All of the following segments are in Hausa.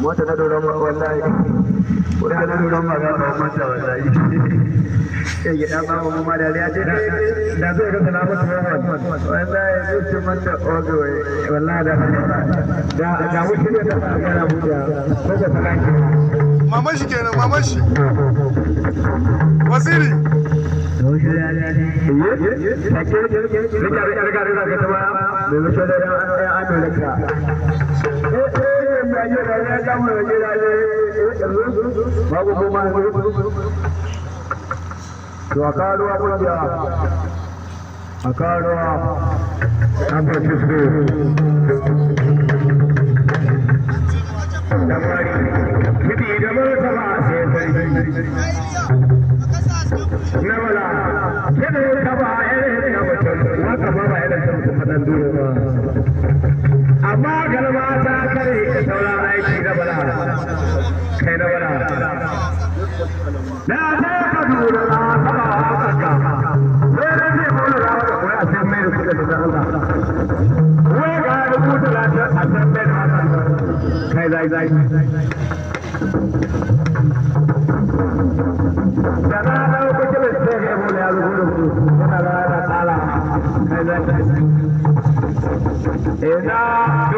mota na doron ma wallahi mota na doron ma ga ba mota wallahi sai ya dan ba mu ma da ya ce da zai ga kana mota wallahi zai ce mata ogo wallahi da da da wuce ne da kana buja ko da sarki maman shi kenan shi wasiri babu kuma to a karuwa kungiya a karuwa san francisco damari da sai sarki na mala da, a Yeah.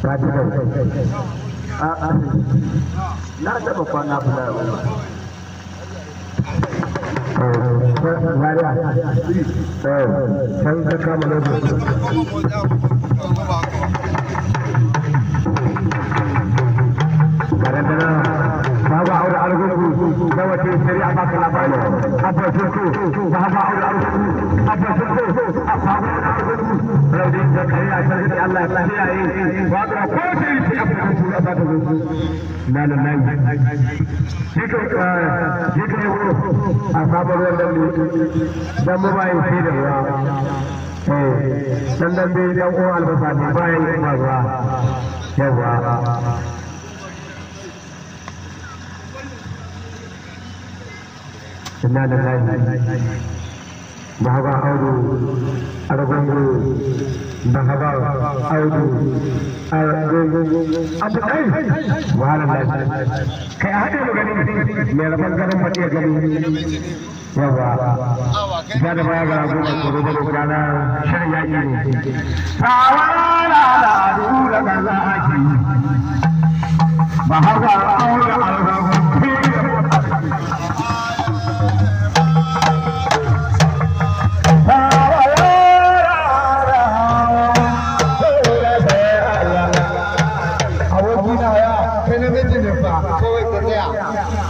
kafirai a arziki na taba kwana ruwa malam nayi uh, ne ka ne ka yawo a sabon wannan da eh dan dan bai dan uwan albasa audu abu kai kai gani mai rabon garin mace gani yawa ja da baya gara goma ko goma da gana shirin na ne ba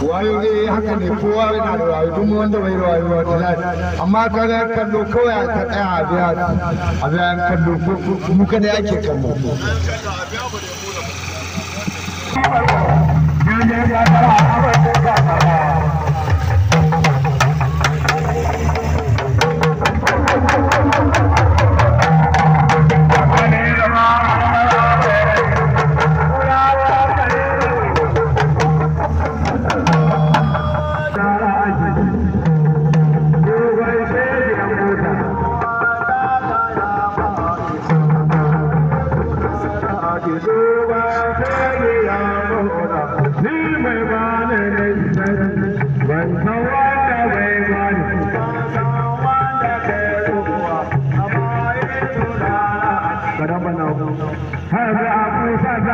wayo ne haka ne kowa yana da rayu duk wanda bai rayu wayo wata lafi amma ka ga kallo kawai ka tsaya a biya a biya kallo mu kada yake kallo Thank you. 还有一遍啊注意下一遍